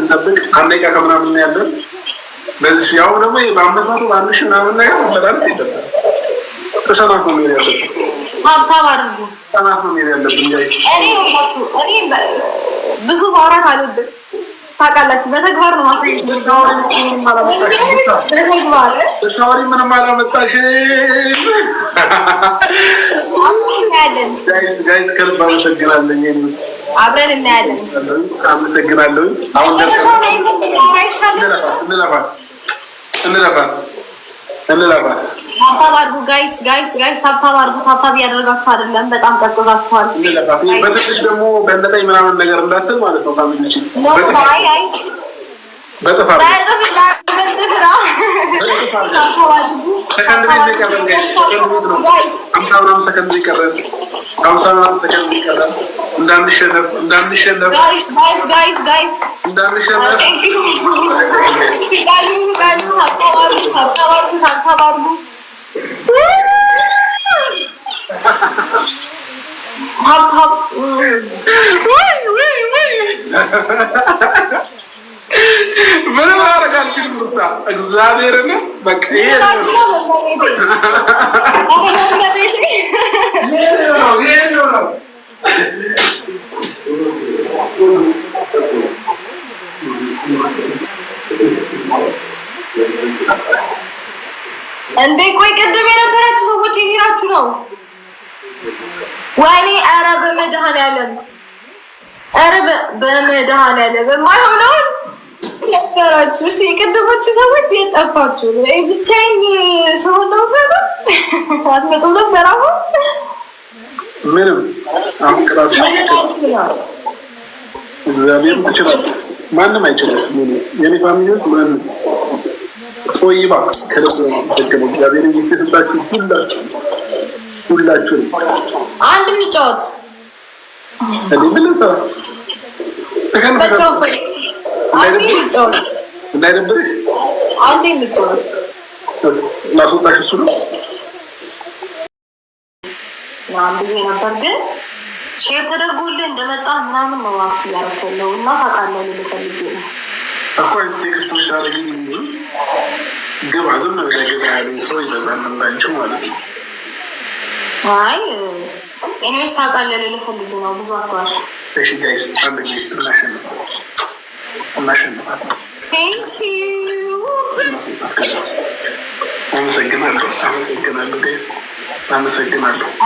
እንጠብቅ ከአንደኛ ከምናምን ያለን በዚህ ያው ደግሞ በአምስት መቶ በአንድ ሺህ ምናምን ነገር መድኃኒት የለም። ተሰናፍ ነው ያለብን፣ ሀብታም አድርጉ። ነው ያለብን። እኔ ብዙ ማውራት አልወድም ታውቃላችሁ። በተግባር ነው ማሳየት። ምንም አላመጣሽም። ጋይዝ ከልብ አመሰግናለኝ። አብረን እናያለን። አመሰግናለሁ። አሁን እንለፋት። ታብታብ አድርጉ ጋይስ፣ ጋይስ፣ ጋይስ ታብታብ አድርጉ። ታብታብ እያደረጋችሁ አይደለም፣ በጣም ቀዝቅዛችኋል። በትንሽ ደግሞ በነጠኝ ምናምን ነገር እንዳትል ማለት ነው። ሰከንድ ጊዜ ቀረን ሰከንድ ጊዜ ቀረን ሀምሳ ምናምን ሰከንድ ጊዜ ቀረን እንዳንሸነፍ እንዳንሸነፍ እንዳንሸነፍ እግዚአብሔርን እንዴ ቆይ፣ ቅድም የነበራችሁ ሰዎች የሄዳችሁ ነው? ወይኔ! ኧረ በመድኃኒዓለም ኧረ በመድኃኒዓለም የማይሆነውን ነበራችሁ? እሺ የቀደሞቹ ሰዎች የጠፋችሁ ብቻዬን ሰሆን ነው አትመጡም ነበር። አሁን ምንም አሁን ቅጣት እግዚአብሔር ትችላል። ማንም አይችልም። የኔ ፋሚሊዎች አንዴ ልጫወት ላስወጣሽ እሱ ነው ብዬ ነበር ግን ሼር ተደርጎልህ እንደመጣ ምናምን ነው ዋት ያርከለው እና ታውቃለህ ልፈልጌ ነው እኮ ቴክስቶች ታደረግ ግባ ዝም ብለህ ግባ ያለ ሰው ይበዛል እንዳንቺው ማለት ነው አይ ኤኒዌይስ ታውቃለህ ልፈልጌ ነው ብዙ አትዋሽ እሺ ጋይስ አንድ ጊዜ እናሸንፋለን አመሰግናለሁ።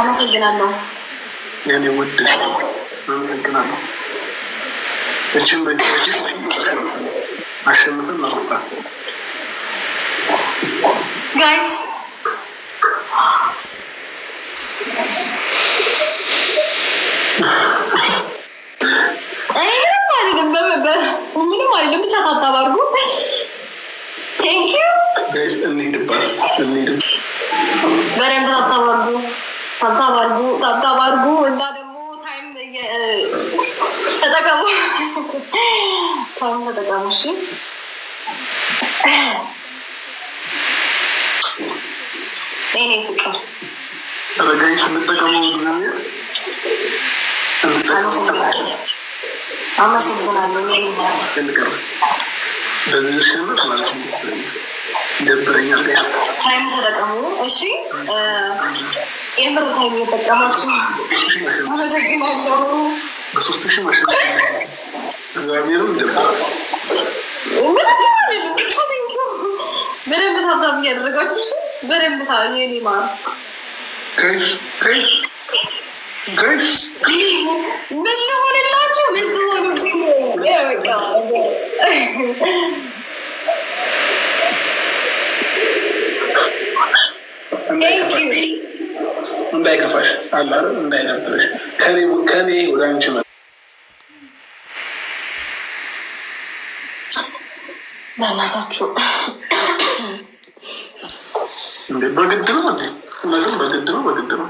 አመሰግናለሁ የኔ ውድ አድርጉ እና ደግሞ ታይም ተጠቀሙ፣ ታይም ተጠቀሙ። እሺ የእኔ ፍቅር ተረጋኝ። ስንጠቀሙ አመሰግናለሁ። ደብረኛል። ታይም ተጠቀሙ። እሺ፣ የምር ታይም እየጠቀማችሁ አመሰግናለሁ። በደንብ ታብታብ እያደረጋችሁ በደንብ ታ ኔማ ምን ልሆንላችሁ? ምን ትሆኑ? እንዳይከፋሽ አላ እንዳይደብርሽ ከኔ ወደ አንቺ በግድ ነው። በግድ ነው። በግድ ነው።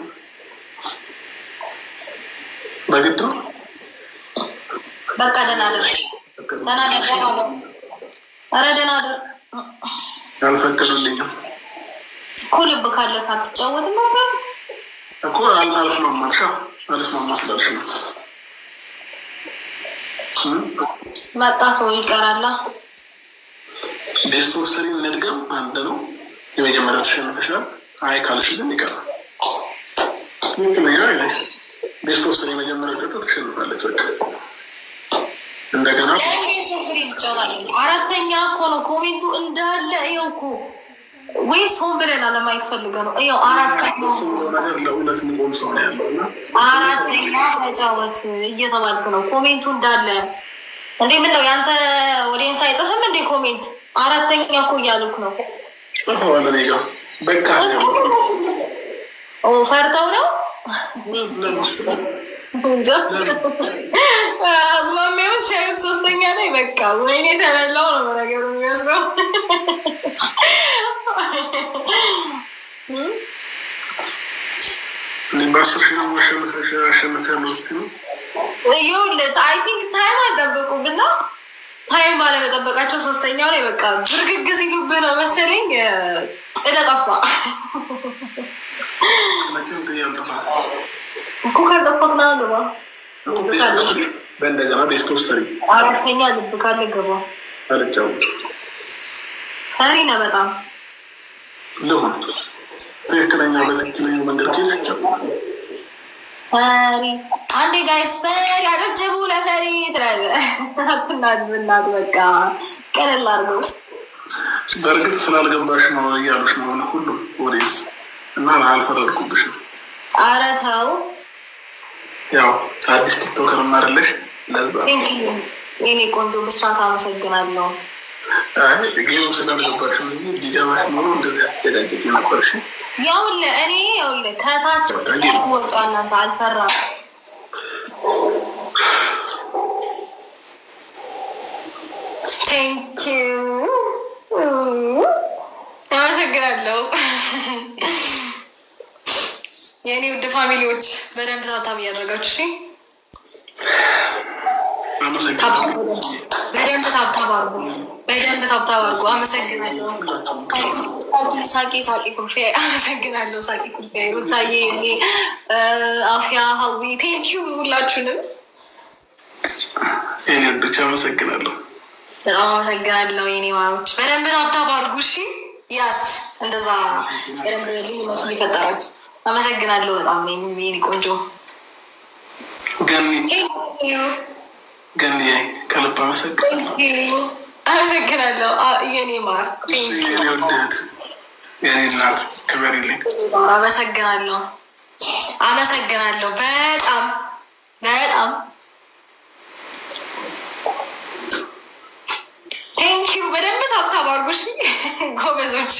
በግድ ነው። በቃ ደህና ደር ደህና ደር። ደህና ደር እኮ ልብ ካለ ካትጫወት ነበር እኮ አልስማማት አልስማማት ለሽ መጣቶ ይቀራላ ቤስቶፍ ስሪ መድገም አንተ ነው። የመጀመሪያ ተሸንፈሻል። አይ ካልሽልን ይቀራል። ቤስቶፍ ስሪ መጀመሪያ ቀጥታ ተሸንፋለች። በቃ እንደገና አራተኛ እኮ ነው ኮሜንቱ እንዳለ ይኸው እኮ ወይስ ሆን ብለን አለማየት ፈልገ ነው? ያው አራተኛ ተጫወት እየተባልክ ነው። ኮሜንቱ እንዳለ እንዴ! ምን ነው ያንተ ወደንስ አይጽፍም እንዴ? ኮሜንት አራተኛ እኮ እያልኩ ነው። ፈርተው ነው አዝማሚ ሶስተኛ ላይ በቃ ወይኔ ተበላው ነው ነገሩ የሚመስለው። አይ ቲንክ ታይም አልጠበቁም እና ታይም ባለመጠበቃቸው ሶስተኛው ላይ በቃ ብርግግ ሲሉብህ ነው መሰለኝ ጥለህ ጠፋ እኮ ከጠፋክ ና ግባ በእንደገና ቤስቶ ሰሪ አራተኛ ልብ ካለ ግባ አልጫወት ሰሪ ነ በጣም ልሁን ትክክለኛ በትክክለኛ መንገድ ከሄዳቸው ፈሪ አንዴ ጋይስ ፈሪ አጨብጭቡ ለፈሪ ትላለ አትናድ አትናድብናት በቃ ቀለል አድርገው። በእርግጥ ስላልገባሽ ነው እያሉሽ ነው ሁሉ ወዴት እና አልፈረድኩብሽም። ኧረ ተው ያው አዲስ ቲክቶከር ማርለሽ የኔ ቆንጆ ብስራት አመሰግናለሁ። ግን ስለነበርሽ ዲገባ ኖሮ እንደዚህ አስተዳደግ ነበርሽ። ያውለ እኔ ያውለ ከታች ወጣላት አልፈራ ቴንኪዩ አመሰግናለሁ። የእኔ ውድ ፋሚሊዎች በደንብ ታታም ያደረጋችሁ ሲ በደንብ ታብታብ አርጉ። በደንብ ታብታብ አርጉ። አመሰግናለሁ። ሳቂ ሳቂ ኩርፊ አመሰግናለሁ። ሳቂ ኩርፊ ሩታዬ፣ እኔ አፍያ፣ ሀዊ ቴንኪዩ ሁላችሁንም የኔ ወዶች አመሰግናለሁ። በጣም አመሰግናለሁ የኔ ማሮች። በደንብ ታብታብ አርጉ። እሺ ያስ እንደዛ በደንብ ልዩነት እየፈጠራችሁ አመሰግናለሁ። በጣም ሚኒ ቆንጆ ገኒ ከልብ አመሰግናለሁ። አመሰግናለሁ የኔ ማር የኔ እናት ክበሪልኝ። አመሰግናለሁ አመሰግናለሁ በጣም በጣም ቴንኪዩ። በደንብ ታብታብ አድርጎሽ ጎበዞች።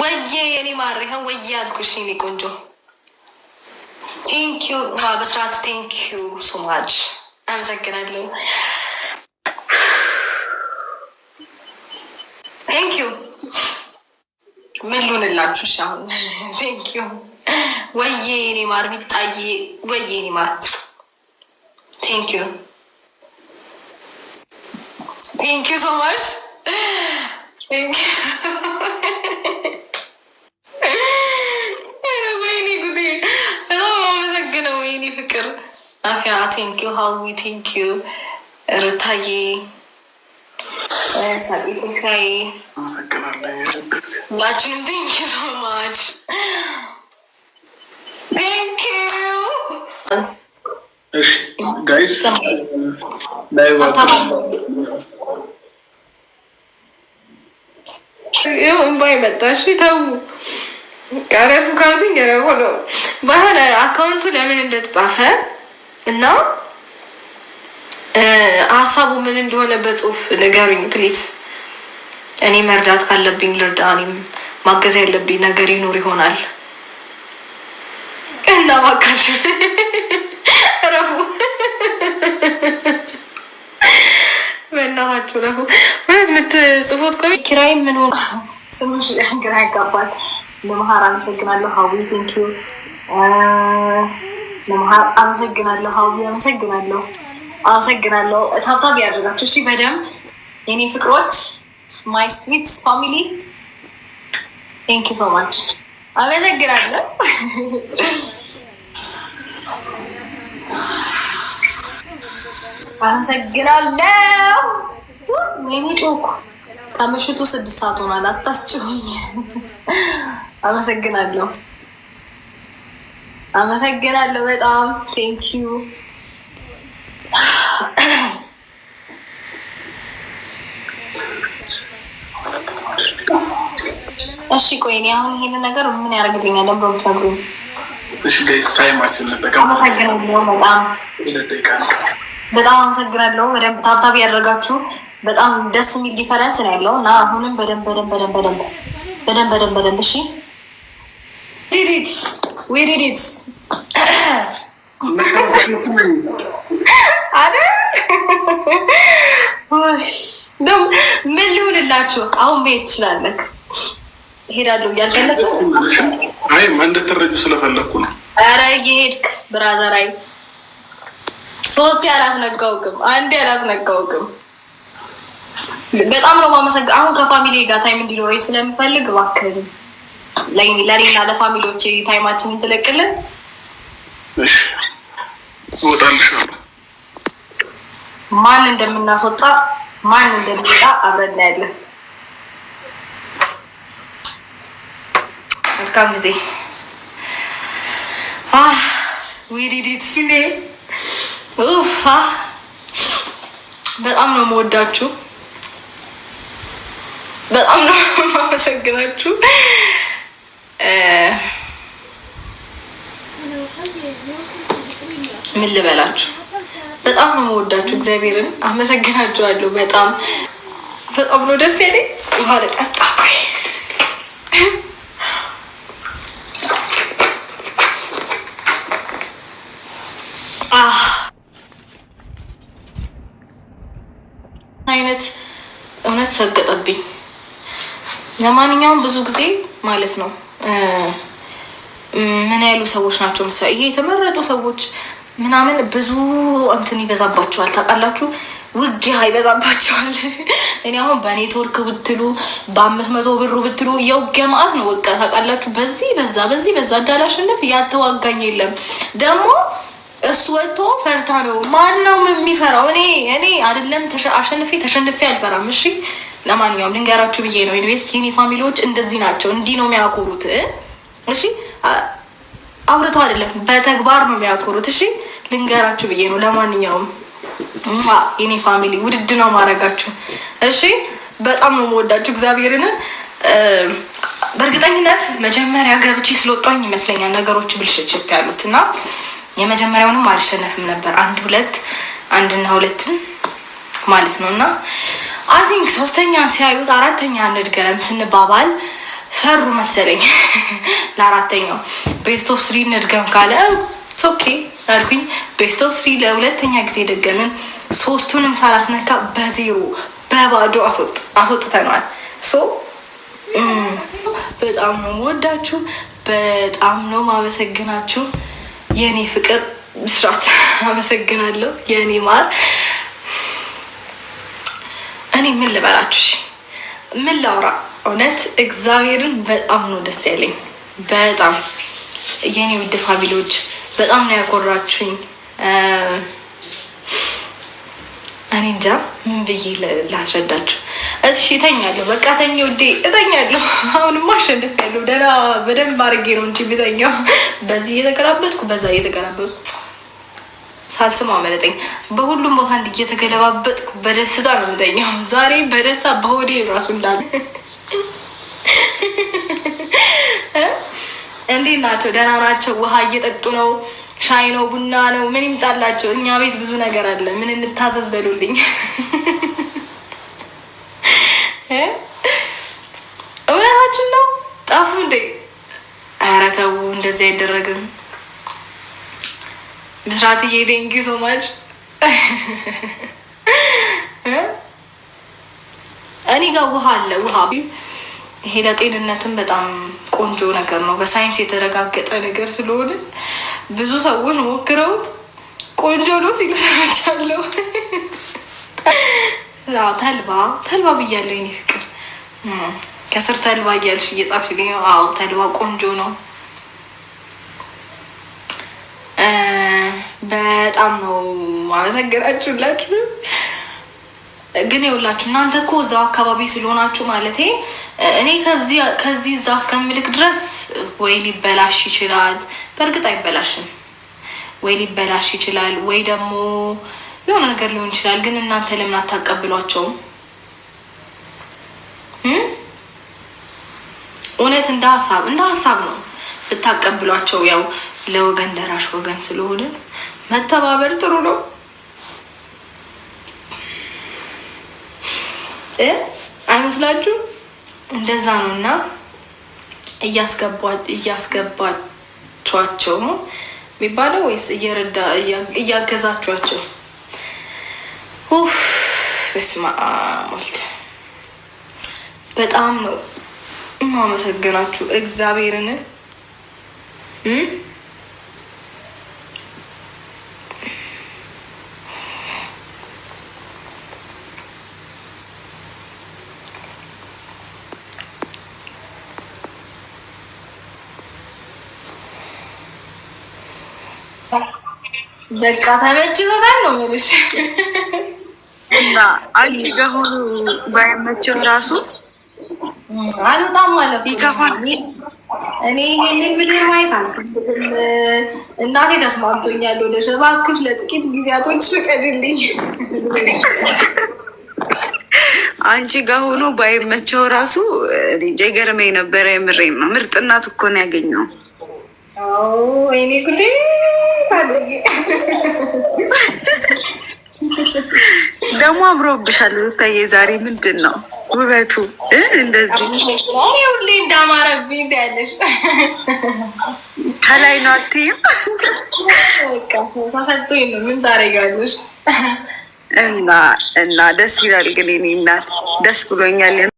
ወዬ የኔ ማር ይኸው ወዬ አልኩሽ የኔ ቆንጆ። ቴንኪዩ በስርዓት ቴንኪዩ ማች አመሰግናለሁ። ቴንኪዩ ምን ልሆንላችሁ አሁን? ቴንኪዩ ወዬ የኔ ማር ቢጣዬ ወዬ የኔ ማር ቴንኪዩ ቴንኪዩ ሶማች ቴንኪዩ ቴንኪ ሀዊ ቴንኪ ሩታዬ ሳቤቴካዬ ሁላችሁም ቴንኪ ሶ ማች ቴንኪ ጋይስ ይኸው እንባ ይመጣ። እሺ ተው ቀረፉ ካልኩኝ ገረፎ ነው በሆነ አካውንቱ ለምን እንደተጻፈ እና ሀሳቡ ምን እንደሆነ በጽሁፍ ንገሩኝ ፕሊስ። እኔ መርዳት ካለብኝ ልርዳ፣ እኔም ማገዝ ያለብኝ ነገር ይኖር ይሆናል እና እባካችሁ ረፉ፣ በእናታችሁ ረፉ። እውነት የምትጽፉት ቆይ ኪራይ ምን ሆነ ስምሽ ግራ ያጋባል። ለመሀር አመሰግናለሁ። ሀዊ ቴንኪዩ አመሰግናለሁ። ሀቡ አመሰግናለሁ። አመሰግናለሁ። ታብታብ ያደረጋቸው እሺ፣ በደንብ የኔ ፍቅሮች፣ ማይ ስዊትስ ፋሚሊ ቴንክ ዩ ሶ ማች አመሰግናለሁ። አመሰግናለሁ። ወይኔ ጮኩ። ከምሽቱ ስድስት ሰዓት ሆኗል። አታስችሉኝ። አመሰግናለሁ። አመሰግናለሁ። በጣም ቴንክ ዩ። እሺ ቆይ እኔ አሁን ይሄን ነገር ምን ያደርግልኛል? ለምሮ ብታግሩ እሺ ጋይስ ታይማችን እንጠቀም። አመሰግናለሁ በጣም በጣም አመሰግናለሁ። በደንብ ታብታብ ያደርጋችሁ። በጣም ደስ የሚል ዲፈረንስ ነው ያለው እና አሁንም በደንብ በደንብ በደንብ በደንብ በደንብ በደንብ እሺ ምን ልሁንላችሁ? አሁን መሄድ ትችላለህ። ሄዳለሁ እያልፈለግኩ አይ እንድትረጁ ስለፈለግኩ ነው። ኧረ እየሄድክ ብራዘራይ ሶስቴ አላስነጋውቅም፣ አንዴ አላስነጋውቅም። በጣም ነው ማመሰግ አሁን ከፋሚሊ ጋር ታይም እንዲኖረኝ ስለምፈልግ እባክህ ለእኔና ለፋሚሊዎች ታይማችንን ትለቅልን። ማን እንደምናስወጣ ማን እንደሚወጣ አብረን እናያለን። መልካም ጊዜ። ዊዲዲት ሲኔ በጣም ነው መወዳችሁ። በጣም ነው ማመሰግናችሁ። ምን ልበላችሁ፣ በጣም ነው የምወዳችሁ። እግዚአብሔርን አመሰግናችኋለሁ። በጣም በጣም ነው ደስ ያለኝ። ውሃ ልጠጣ ቆይ አይነት እውነት ሰገጠብኝ። ለማንኛውም ብዙ ጊዜ ማለት ነው ምን ያሉ ሰዎች ናቸው? ምሳ የተመረጡ ሰዎች ምናምን ብዙ እንትን ይበዛባቸዋል። ታውቃላችሁ፣ ውጊያ ይበዛባቸዋል። እኔ አሁን በኔትወርክ ብትሉ በአምስት መቶ ብሩ ብትሉ የውጊያ ማአት ነው። በቃ ታውቃላችሁ፣ በዚህ በዛ በዚህ በዛ እንዳላሸንፍ ያተዋጋኝ የለም ደግሞ እሱ ወጥቶ ፈርታ ነው። ማን ነው የሚፈራው? እኔ እኔ አይደለም አሸንፌ ተሸንፌ አልፈራም። እሺ ለማንኛውም ልንገራችሁ ብዬ ነው። ኢንዌስት የኔ ፋሚሊዎች እንደዚህ ናቸው። እንዲህ ነው የሚያኮሩት። እሺ አውርተው አይደለም በተግባር ነው የሚያኮሩት። እሺ ልንገራችሁ ብዬ ነው። ለማንኛውም የኔ ፋሚሊ ውድድ ነው ማድረጋችሁ። እሺ በጣም ነው የምወዳችሁ እግዚአብሔርን በእርግጠኝነት መጀመሪያ ገብቼ ስለወጣኝ ይመስለኛል ነገሮች ብልሽችት ያሉት እና የመጀመሪያውንም አልሸነፍም ነበር አንድ ሁለት አንድና ሁለትን ማለት ነው እና አይ ቲንክ ሶስተኛ ሲያዩት አራተኛ እንድገም ስንባባል ፈሩ መሰለኝ። ለአራተኛው ቤስት ኦፍ ስሪ እንድገም ካለ ኦኬ አልኩኝ። ቤስት ኦፍ ስሪ ለሁለተኛ ጊዜ ደገምን። ሶስቱንም ሳላስነካ በዜሮ በባዶ አስወጥተናል። ሶ በጣም ነው የምወዳችሁ፣ በጣም ነው ማመሰግናችሁ የእኔ ፍቅር ብስራት። አመሰግናለሁ የእኔ ማር እኔ ምን ልበላችሁ፣ ምን ላውራ? እውነት እግዚአብሔርን በጣም ነው ደስ ያለኝ። በጣም የኔ ውድ ፋሚሊዎች በጣም ነው ያኮራችሁኝ። እኔ እንጃ ምን ብዬ ላስረዳችሁ። እሺ እተኛለሁ፣ በቃ ተኛ ውዴ፣ እተኛለሁ። አሁንማ አሸንፍ ያለሁ ደህና በደንብ አድርጌ ነው እንጂ የሚተኛው በዚህ እየተገላበጥኩ በዛ እየተገላበጥኩ ካልስም መለጠኝ በሁሉም ቦታ እየተገለባበጥኩ በደስታ ነው የምተኛው። ዛሬ በደስታ በሆዴ ራሱ እንዳለ እንዴት ናቸው? ደህና ናቸው? ውሃ እየጠጡ ነው? ሻይ ነው? ቡና ነው? ምን ይምጣላቸው? እኛ ቤት ብዙ ነገር አለ። ምን እንታዘዝ በሉልኝ። እውነታችን ነው። ጠፉ እንዴ? ኧረ ተው፣ እንደዚህ አይደረግም። ብስራትዬ ቴንኪ ሶማች። እኔ ጋር ውሃ አለ ውሃ። ይሄ ለጤንነትም በጣም ቆንጆ ነገር ነው፣ በሳይንስ የተረጋገጠ ነገር ስለሆነ ብዙ ሰዎች ሞክረውት ቆንጆ ነው ሲሉ ሰምቻለሁ። ተልባ ተልባ ብያለሁ የኔ ፍቅር ከስር ተልባ እያልሽ እየጻፍሽልኝ። ተልባ ቆንጆ ነው። በጣም ነው አመሰግናችሁላችሁ። ግን ይኸውላችሁ እናንተ እኮ እዛው አካባቢ ስለሆናችሁ ማለት እኔ ከዚህ እዛ እስከምልክ ድረስ ወይ ሊበላሽ ይችላል። በእርግጥ አይበላሽም። ወይ ሊበላሽ ይችላል፣ ወይ ደግሞ የሆነ ነገር ሊሆን ይችላል። ግን እናንተ ለምን አታቀብሏቸውም? እውነት እንደ ሀሳብ እንደ ሀሳብ ነው ብታቀብሏቸው፣ ያው ለወገን ደራሽ ወገን ስለሆነ መተባበር ጥሩ ነው። አይመስላችሁ? እንደዛ ነው እና እያስገባችኋቸው ነው የሚባለው ወይስ እየረዳ እያገዛችኋቸው? በስመ አብ ወልድ። በጣም ነው የማመሰግናችሁ እግዚአብሔርን በቃ ተመችቶታል ነው የምልሽ። እና አይ ገሆኑ ባይመቸው ራሱ አልወጣም ማለት ይከፋል። እኔ ይሄንን ምድር ማየት አልፈልግም። እናቴ ተስማምቶኛል። ወደ እባክሽ ለጥቂት ጊዜያቶች ፍቀድልኝ። አንቺ ጋር ሆኖ ባይመቸው ራሱ ገርመኝ ነበረ። የምሬ ነው። ምርጥ እናት እኮ ነው ያገኘው። ወይኔ ጉዴ ታድጌ ደግሞ አምሮብሻል ብታይ ዛሬ ምንድን ነው ውበቱ እንደዚህ ሁሌ እንዳማረብኝ ከላይ ነው። አትይም ተሰጥቶኝ ነው። ምን ታደርጊያለሽ? እና እና ደስ ይላል ግን እኔ እናት ደስ ብሎኛል።